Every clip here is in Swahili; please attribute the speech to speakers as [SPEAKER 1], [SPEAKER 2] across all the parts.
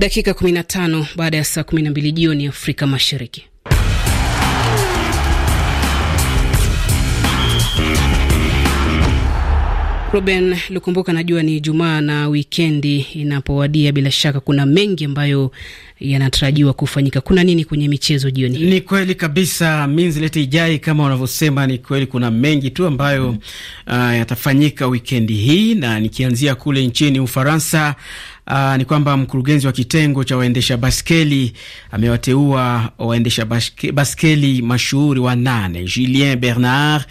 [SPEAKER 1] dakika 15 baada ya saa 12 jioni Afrika Mashariki. Ruben Lukumbuka, najua ni Jumaa na wikendi inapowadia, bila shaka kuna mengi ambayo yanatarajiwa kufanyika. Kuna nini kwenye michezo jioni Ni
[SPEAKER 2] kweli kabisa minzilete ijai, kama wanavyosema ni kweli kuna mengi tu ambayo mm, uh, yatafanyika wikendi hii, na nikianzia kule nchini Ufaransa Aa, ah, ni kwamba mkurugenzi wa kitengo cha waendesha baskeli amewateua waendesha baskeli mashuhuri wanane: Julien Bernard,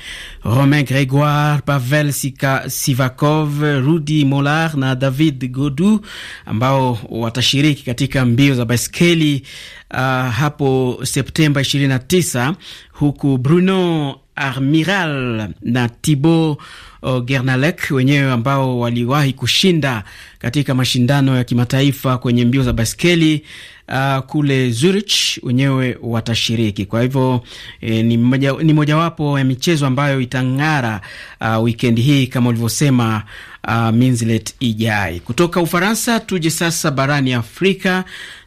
[SPEAKER 2] Romain Gregoire, Pavel Sika, Sivakov, Rudi Molar na David Godu ambao watashiriki katika mbio za baskeli uh, hapo Septemba 29 huku Bruno Armiral na Thibaut uh, Gernalek wenyewe ambao waliwahi kushinda katika mashindano ya kimataifa kwenye mbio za baskeli uh, kule Zurich wenyewe watashiriki. Kwa hivyo eh, ni mojawapo ya michezo ambayo itang'ara uh, wikendi hii kama ulivyosema uh, ah, Minzilet Ijai. Kutoka Ufaransa tuje sasa barani Afrika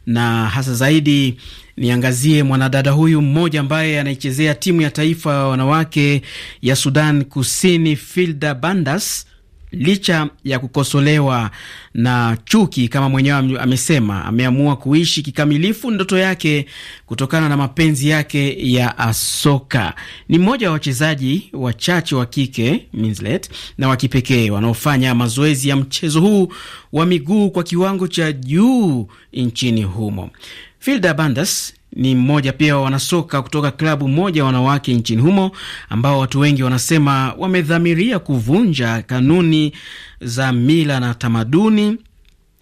[SPEAKER 2] na hasa zaidi niangazie mwanadada huyu mmoja ambaye anaichezea timu ya taifa ya wanawake ya Sudan Kusini, Filda Bandas licha ya kukosolewa na chuki, kama mwenyewe amesema, ameamua kuishi kikamilifu ndoto yake kutokana na mapenzi yake ya asoka Ni mmoja wa wachezaji wachache wa kike Minslet, na wa kipekee wanaofanya mazoezi ya mchezo huu wa miguu kwa kiwango cha juu nchini humo. Filda Bandas ni mmoja pia wa wanasoka kutoka klabu moja wanawake nchini humo ambao watu wengi wanasema wamedhamiria kuvunja kanuni za mila na tamaduni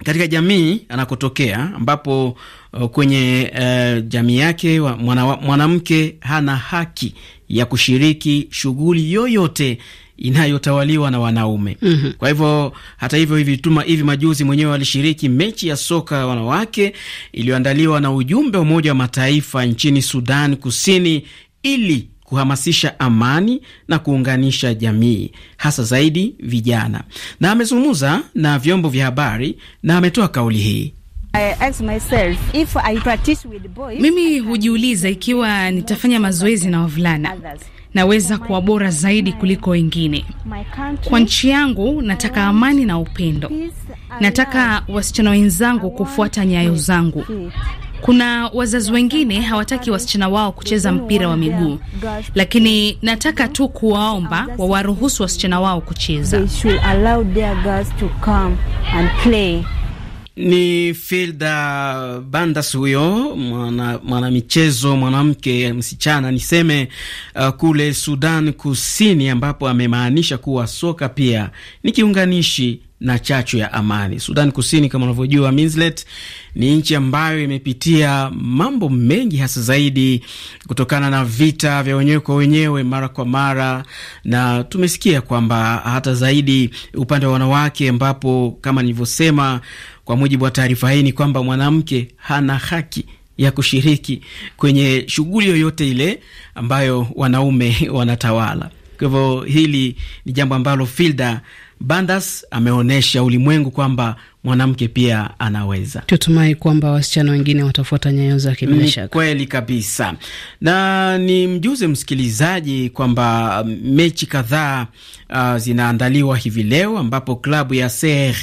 [SPEAKER 2] katika jamii anakotokea ambapo uh, kwenye uh, jamii yake mwanamke mwana hana haki ya kushiriki shughuli yoyote inayotawaliwa na wanaume. mm -hmm. Kwa hivyo hata hivyo, hivi tuma hivi majuzi mwenyewe alishiriki mechi ya soka ya wanawake iliyoandaliwa na ujumbe wa Umoja wa Mataifa nchini Sudan Kusini ili kuhamasisha amani na kuunganisha jamii hasa zaidi vijana, na amezungumza na vyombo vya habari na ametoa kauli hii.
[SPEAKER 3] Myself, boys, mimi hujiuliza ikiwa nitafanya mazoezi na wavulana naweza kuwa bora zaidi kuliko wengine. Kwa nchi yangu nataka amani na upendo. Nataka wasichana wenzangu kufuata nyayo zangu. Kuna wazazi wengine hawataki wasichana wao kucheza mpira wa miguu, lakini nataka tu kuwaomba wawaruhusu wasichana wao kucheza. Ni
[SPEAKER 2] Filda Bandas huyo mwanamichezo mwana mwanamke msichana niseme, uh, kule Sudan Kusini, ambapo amemaanisha kuwa soka pia ni kiunganishi na chachu ya amani. Sudan Kusini, kama unavyojua Minslet, ni nchi ambayo imepitia mambo mengi, hasa zaidi kutokana na vita vya wenyewe kwa wenyewe mara kwa mara, na tumesikia kwamba hata zaidi upande wa wanawake, ambapo kama nilivyosema kwa mujibu wa taarifa hii, ni kwamba mwanamke hana haki ya kushiriki kwenye shughuli yoyote ile ambayo wanaume wanatawala. Kwa hivyo hili ni jambo ambalo Filda Bandas ameonyesha ulimwengu kwamba mwanamke pia anaweza.
[SPEAKER 3] Tutumai kwamba wasichana wengine watafuata nyayo zake. Bila shaka,
[SPEAKER 2] kweli kabisa, na ni mjuze msikilizaji kwamba um, mechi kadhaa uh, zinaandaliwa hivi leo, ambapo klabu ya Ser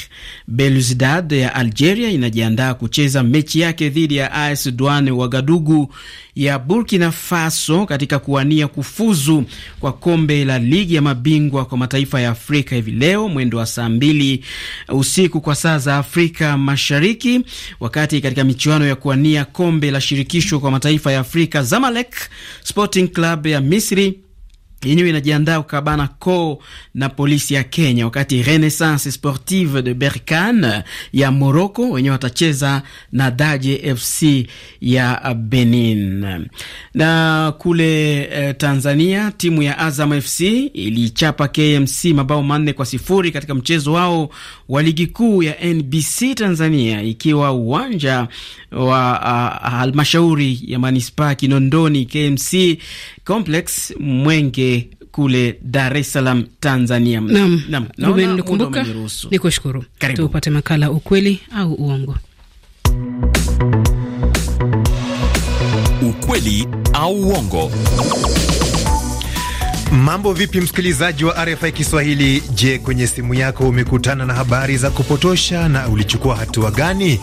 [SPEAKER 2] Belouizdad ya Algeria inajiandaa kucheza mechi yake dhidi ya AS Douane Wagadugu ya Burkina Faso katika kuwania kufuzu kwa kombe la ligi ya mabingwa kwa mataifa ya Afrika hivi leo mwendo wa saa mbili usiku kwa saa za Afrika Mashariki, wakati katika michuano ya kuwania kombe la shirikisho kwa mataifa ya Afrika, Zamalek Sporting Club ya Misri yenyewe inajiandaa kukabana ko na polisi ya Kenya, wakati Renaissance Sportive de Berkane ya Morocco wenyewe watacheza na Daje FC ya Benin. Na kule eh, Tanzania timu ya Azam FC ilichapa KMC mabao manne kwa sifuri katika mchezo wao wa ligi kuu ya NBC Tanzania, ikiwa uwanja wa uh, halmashauri ya manispaa Kinondoni. KMC Complex Mwenge kule Dar es Salaam, Tanzania. ni
[SPEAKER 1] kushukuru. Karibu Tupate makala ukweli au uongo.
[SPEAKER 4] Ukweli au uongo. Mambo vipi, msikilizaji wa RFI Kiswahili? Je, kwenye simu yako umekutana na habari za kupotosha na ulichukua hatua gani?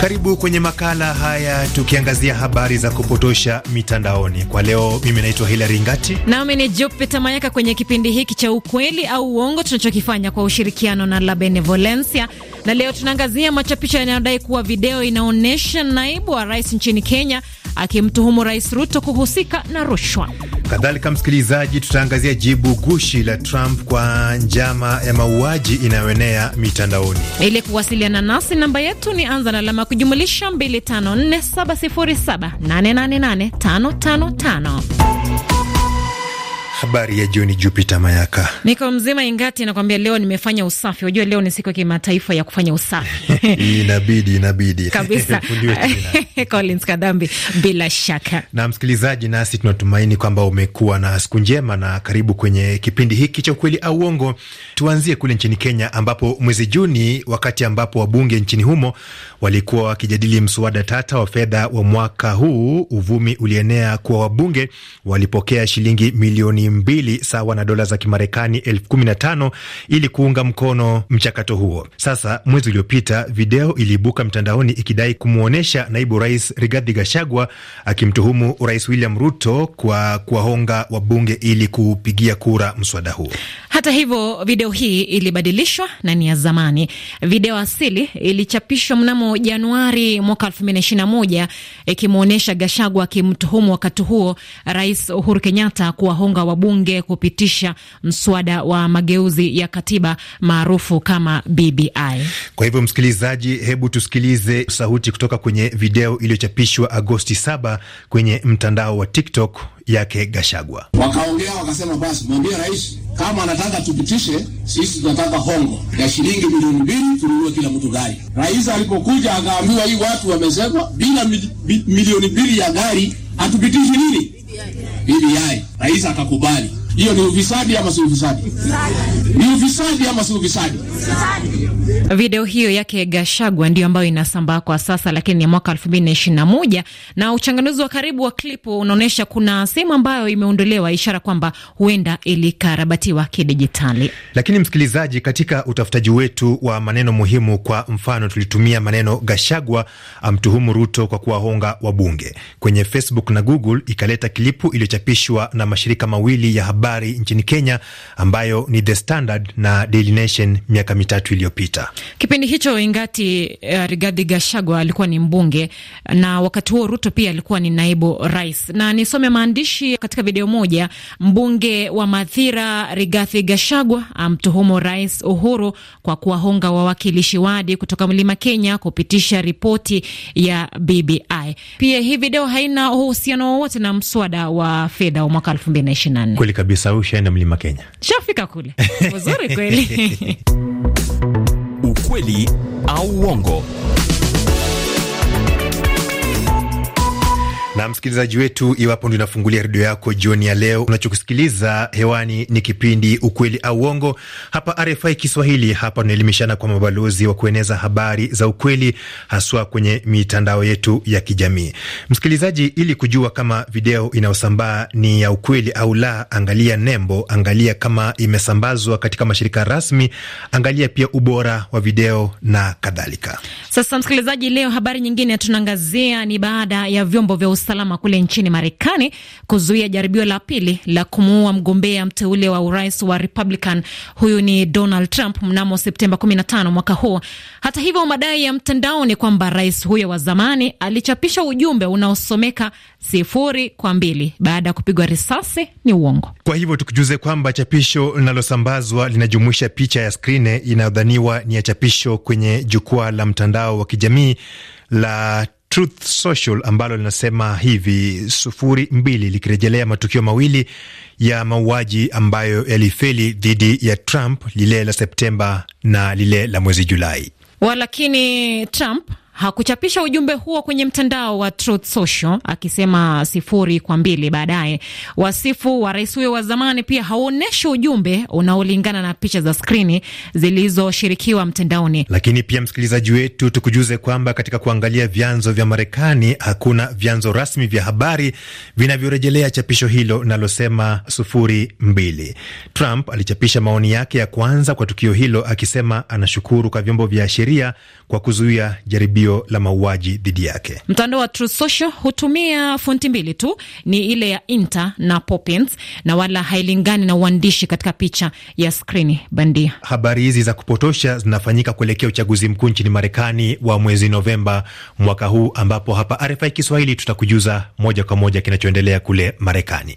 [SPEAKER 4] Karibu kwenye makala haya tukiangazia habari za kupotosha mitandaoni. Kwa leo, mimi naitwa Hilary Ngati
[SPEAKER 1] nami ni Jupita Mayaka kwenye kipindi hiki cha ukweli au uongo tunachokifanya kwa ushirikiano na La Benevolencia na leo tunaangazia machapisho yanayodai kuwa video inaonyesha naibu wa rais nchini Kenya akimtuhumu Rais Ruto kuhusika
[SPEAKER 4] na rushwa. Kadhalika msikilizaji, tutaangazia jibu gushi la Trump kwa njama ya mauaji inayoenea mitandaoni.
[SPEAKER 1] Ili kuwasiliana nasi, namba yetu ni anza na alama kujumulisha 254707888555
[SPEAKER 4] Habari ya jioni, Jupiter Mayaka.
[SPEAKER 1] Niko mzima ingati, nakwambia leo nimefanya usafi. Wajua leo ni siku ya kimataifa ya kufanya usafi
[SPEAKER 4] inabidi inabidi kabisa
[SPEAKER 1] Collins Kadambi, bila shaka.
[SPEAKER 4] Na msikilizaji, nasi tunatumaini kwamba umekuwa na siku njema na karibu kwenye kipindi hiki cha ukweli au uongo. Tuanzie kule nchini Kenya, ambapo mwezi Juni, wakati ambapo wabunge nchini humo walikuwa wakijadili mswada tata wa fedha wa mwaka huu, uvumi ulienea kuwa wabunge walipokea shilingi milioni mbili sawa na dola za Kimarekani elfu kumi na tano ili kuunga mkono mchakato huo. Sasa mwezi uliopita, video iliibuka mtandaoni ikidai kumwonyesha naibu Rais Rigathi Gachagua akimtuhumu Rais William Ruto kwa kuwahonga wabunge ili kupigia kura mswada huo.
[SPEAKER 1] Hata hivyo, video hii ilibadilishwa na ni ya zamani. Video asili ilichapishwa mnamo Januari mwaka 2021 ikimwonyesha Gashagwa akimtuhumu wakati huo Rais Uhuru Kenyatta kuwahonga wabunge kupitisha mswada wa mageuzi ya katiba maarufu kama BBI.
[SPEAKER 4] Kwa hivyo, msikilizaji, hebu tusikilize sauti kutoka kwenye video iliyochapishwa Agosti 7 kwenye mtandao wa TikTok yake Gashagwa.
[SPEAKER 2] Wakaongea wakasema, basi mwambie rais kama anataka tupitishe, sisi tunataka hongo ya shilingi milioni mbili tununue kila mtu gari. Rais alipokuja akaambiwa, hii watu wamesema bila milioni mbili ya gari hatupitishi nini BBI. Rais akakubali. Hiyo ni ufisadi ama si ufisadi? Ni ufisadi ama si ufisadi?
[SPEAKER 1] Video hiyo yake Gashagwa ndio ambayo inasambaa kwa sasa, lakini ni mwaka 2021 na uchanganuzi wa karibu wa klipu unaonyesha kuna sehemu ambayo imeondolewa, ishara kwamba huenda ilikarabatiwa kidijitali.
[SPEAKER 4] Lakini msikilizaji, katika utafutaji wetu wa maneno muhimu, kwa mfano tulitumia maneno Gashagwa amtuhumu Ruto kwa kuwahonga wabunge kwenye Facebook na Google, ikaleta klipu iliyochapishwa na mashirika mawili ya habari habari nchini Kenya ambayo ni The Standard na Daily Nation miaka mitatu iliyopita.
[SPEAKER 1] Kipindi hicho ingati uh, Rigathi Gachagua alikuwa ni mbunge na wakati huo Ruto pia alikuwa ni naibu rais. Na nisome maandishi katika video moja, mbunge wa Mathira Rigathi Gachagua amtuhumu Rais Uhuru kwa kuwahonga wawakilishi wadi kutoka Mlima Kenya kupitisha ripoti ya
[SPEAKER 4] BBI.
[SPEAKER 1] Pia hii video haina uhusiano wowote na mswada wa fedha wa mwaka elfu mbili 2024.
[SPEAKER 4] Kweli kabisa. Bisau ushaenda mlima Kenya,
[SPEAKER 1] shafika kule uzuri kweli.
[SPEAKER 4] Ukweli au uongo Na msikilizaji wetu, iwapo ndio unafungulia redio yako jioni ya leo, unachokusikiliza hewani ni kipindi Ukweli au Uongo hapa RFI Kiswahili. Hapa tunaelimishana kwa mabalozi wa kueneza habari za ukweli, haswa kwenye mitandao yetu ya kijamii. Msikilizaji, ili kujua kama video inayosambaa ni ya ukweli au la, angalia nembo, angalia kama imesambazwa katika mashirika rasmi, angalia pia ubora wa video na kadhalika.
[SPEAKER 1] Sasa msikilizaji, leo habari nyingine tunaangazia ni baada ya vyombo vya usalama kule nchini Marekani kuzuia jaribio la pili la kumuua mgombea mteule wa urais wa Republican, huyu ni Donald Trump mnamo Septemba 15 mwaka huu. Hata hivyo, madai ya mtandao ni kwamba rais huyo wa zamani alichapisha ujumbe unaosomeka sifuri kwa mbili baada ya kupigwa risasi ni uongo.
[SPEAKER 4] Kwa hivyo tukijuze kwamba chapisho linalosambazwa linajumuisha picha ya skrini inayodhaniwa ni ya chapisho kwenye jukwaa la mtandao wa kijamii la Truth Social ambalo linasema hivi sufuri mbili likirejelea matukio mawili ya mauaji ambayo yalifeli dhidi ya Trump, lile la Septemba na lile la mwezi Julai.
[SPEAKER 1] Walakini Trump hakuchapisha ujumbe huo kwenye mtandao wa Truth Social akisema sifuri kwa mbili. Baadaye wasifu wa rais huyo wa zamani pia hauonyeshi ujumbe unaolingana na picha za skrini zilizoshirikiwa mtandaoni.
[SPEAKER 4] Lakini pia msikilizaji wetu, tukujuze kwamba katika kuangalia vyanzo vya Marekani hakuna vyanzo rasmi vya habari vinavyorejelea chapisho hilo linalosema sufuri mbili. Trump alichapisha maoni yake ya kwanza kwa tukio hilo akisema anashukuru kwa vyombo vya sheria kwa kuzuia jaribio tukio la mauaji dhidi yake.
[SPEAKER 1] Mtandao wa True Social hutumia fonti mbili tu, ni ile ya Inter na Poppins, na wala hailingani na uandishi katika picha ya skrini bandia.
[SPEAKER 4] Habari hizi za kupotosha zinafanyika kuelekea uchaguzi mkuu nchini Marekani wa mwezi Novemba mwaka huu, ambapo hapa RFI Kiswahili tutakujuza moja kwa moja kinachoendelea kule Marekani.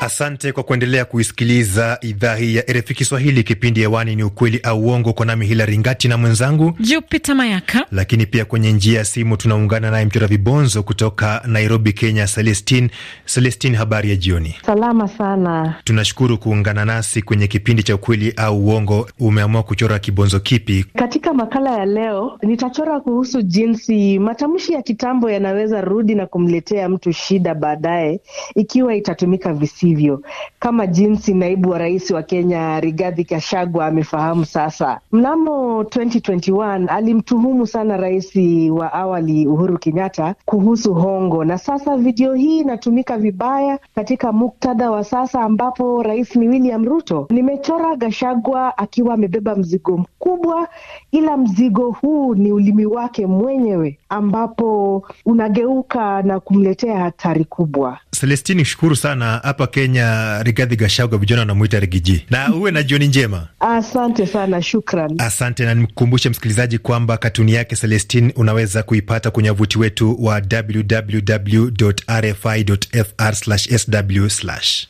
[SPEAKER 4] Asante kwa kuendelea kuisikiliza idhaa hii ya RFI Kiswahili. Kipindi hewani ni ukweli au uongo, kwa nami Hilari Ngati na mwenzangu
[SPEAKER 1] Jupita Mayaka.
[SPEAKER 4] Lakini pia kwenye njia ya simu tunaungana naye mchora vibonzo kutoka Nairobi, Kenya, Celestin. Celestin, habari ya jioni.
[SPEAKER 1] Salama sana,
[SPEAKER 4] tunashukuru kuungana nasi kwenye kipindi cha ukweli au uongo. Umeamua kuchora kibonzo kipi
[SPEAKER 3] katika makala ya leo? Nitachora kuhusu jinsi matamshi ya kitambo yanaweza rudi na kumletea mtu shida baadaye ikiwa itatumika visi hivyo kama jinsi naibu wa rais wa Kenya Rigathi Gachagua amefahamu sasa. Mnamo 2021 alimtuhumu sana rais wa awali Uhuru Kenyatta kuhusu hongo, na sasa video hii inatumika vibaya katika muktadha wa sasa ambapo rais ni William Ruto. Nimechora Gachagua akiwa amebeba mzigo mkubwa, ila mzigo huu ni ulimi wake mwenyewe, ambapo unageuka na kumletea hatari kubwa.
[SPEAKER 4] Celestini, shukuru sana hapa Kenya. Rigathi Gachagua, vijana wanamwita Rigiji, na uwe na jioni njema.
[SPEAKER 3] Asante sana, shukran.
[SPEAKER 4] Asante, na nimkumbushe msikilizaji kwamba katuni yake Celestine unaweza kuipata kwenye wavuti wetu wa www.rfi.fr/sw.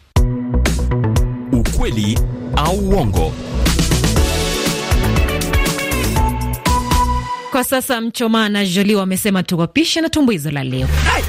[SPEAKER 2] Ukweli au uongo
[SPEAKER 1] Kwa sasa Mchomaa na Joli wamesema tuwapishe na tumbuizo la leo. Hey,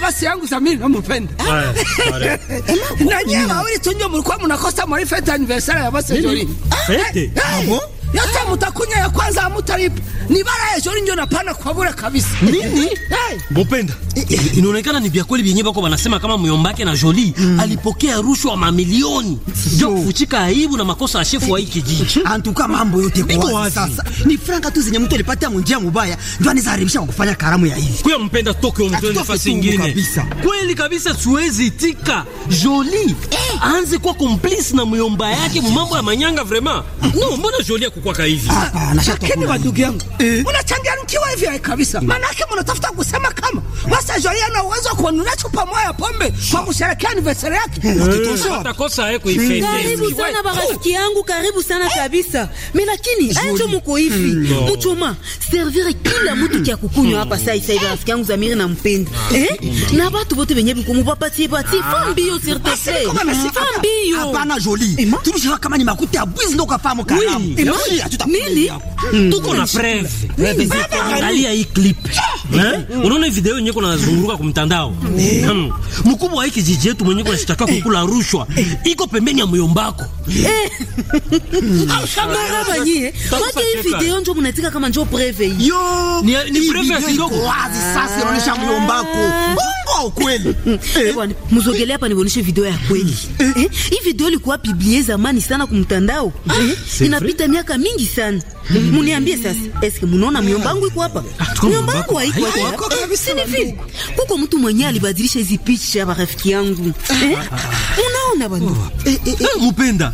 [SPEAKER 1] basi yangu Samiri namupenda eh, Na nanyewe wawili tunjo mulikuwa munakosa
[SPEAKER 3] mwari fete aniversari ya basi Joli. Fete? Abo? yote mutakunya ya kwanza hamtalipa.
[SPEAKER 2] Ni bara ya jori njona pana kwa bure kabisa. Nini? Hey. Mpenda. Eh, eh. Inaonekana ni vya kweli vyenyewe bako wanasema kama myombake na Joli mm. alipokea rushwa mamilioni. Ndio kufuchika aibu na makosa ya shefu wa hii kijiji. Antuka mambo yote kwa wazi. Sasa ni franka tu
[SPEAKER 4] zenye mtu alipatia mjia mubaya ndio anizaharibisha kufanya karamu ya hivi.
[SPEAKER 2] Kwa Mpenda toke umtoe nafasi nyingine. Kabisa. Kweli kabisa siwezi itika. Joli hey. Eh. aanze kwa complice na myomba yake mambo ya manyanga vraiment. No, mbona Joli kukwaka hivi. Ah, ah lakini wa ndugu
[SPEAKER 3] yangu eh, unachangia mkiwa hivi kabisa, mm. maana yake mnatafuta kusema kama basi Jolie ana uwezo kuonunua chupa moja ya pombe kwa kusherehekea anniversary yake. Eh,
[SPEAKER 2] Atakosa yeye kuifendi. Mm. Karibu sana baba rafiki yangu, karibu sana eh? kabisa. Mimi lakini aje mko hivi mtuma mm. servir kila mtu kia kukunywa hapa sasa hivi, eh? rafiki yangu Zamiri na mpenda ah, eh, na watu wote wenye bikumu bapati bati ah. fambio sur te Hapana Joli. Jolie, turishaka kama ni makuta ya bwizi ndo kafahamu kalamu. Nini? Hmm. Tuko na preve. Angalia hii clip. Ah. Eh? Unaona video yenyewe kuna zunguruka kwa mtandao. Eh. Hmm. Mkubwa wa hiki jiji yetu mwenyewe kunashitaka kukula rushwa. Eh. Iko pembeni ya myombako. Baba nyie, wapi hii video ndio mnatika kama ndio preve hii? Yo, ni preve ya Singoko. Wazi sasa inaonyesha myombako. Ah. Wow, kweli mm, mm. eh? Msogelea hapa nionyeshe video ya kweli eh, eh? Eh, Hii video ilikuwa publie zamani sana kumtandao ah, Inapita miaka mingi sana mm. Muniambie sasa,
[SPEAKER 3] eske munaona miomba yangu iko hapa? Ah, miomba yangu haiko hapa. Si ni Kuko mtu mwenye alibadilisha hizi picha ya rafiki yangu. Ah, unaona bwana? Oh. Eh, eh, mpenda.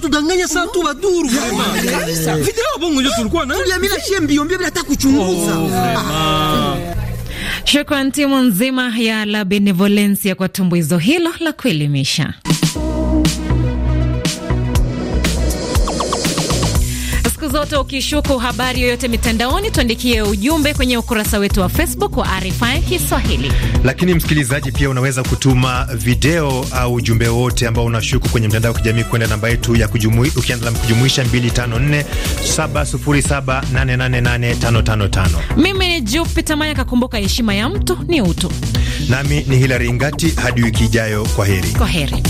[SPEAKER 1] tudanganya sana tu baduru bwana. Video bongo ndio tulikuwa nayo. Tuliamini shie mbio bila hata kuchunguza.
[SPEAKER 3] Oh,
[SPEAKER 1] Shukran timu nzima ya La Benevolencia kwa tumbuizo hilo la kuelimisha. zote. Ukishuku habari yoyote mitandaoni, tuandikie ujumbe kwenye ukurasa wetu wa Facebook wa RFI Kiswahili.
[SPEAKER 4] Lakini msikilizaji, pia unaweza kutuma video au ujumbe wote ambao unashuku kwenye mtandao wa kijamii kwenda namba yetu ya ukianza kujumuisha 254
[SPEAKER 1] Mimi ni Jupita Maya kakumbuka, heshima ya mtu ni utu.
[SPEAKER 4] Nami ni Hilari Ngati, hadi wiki ijayo. Kwa heri,
[SPEAKER 1] kwa heri.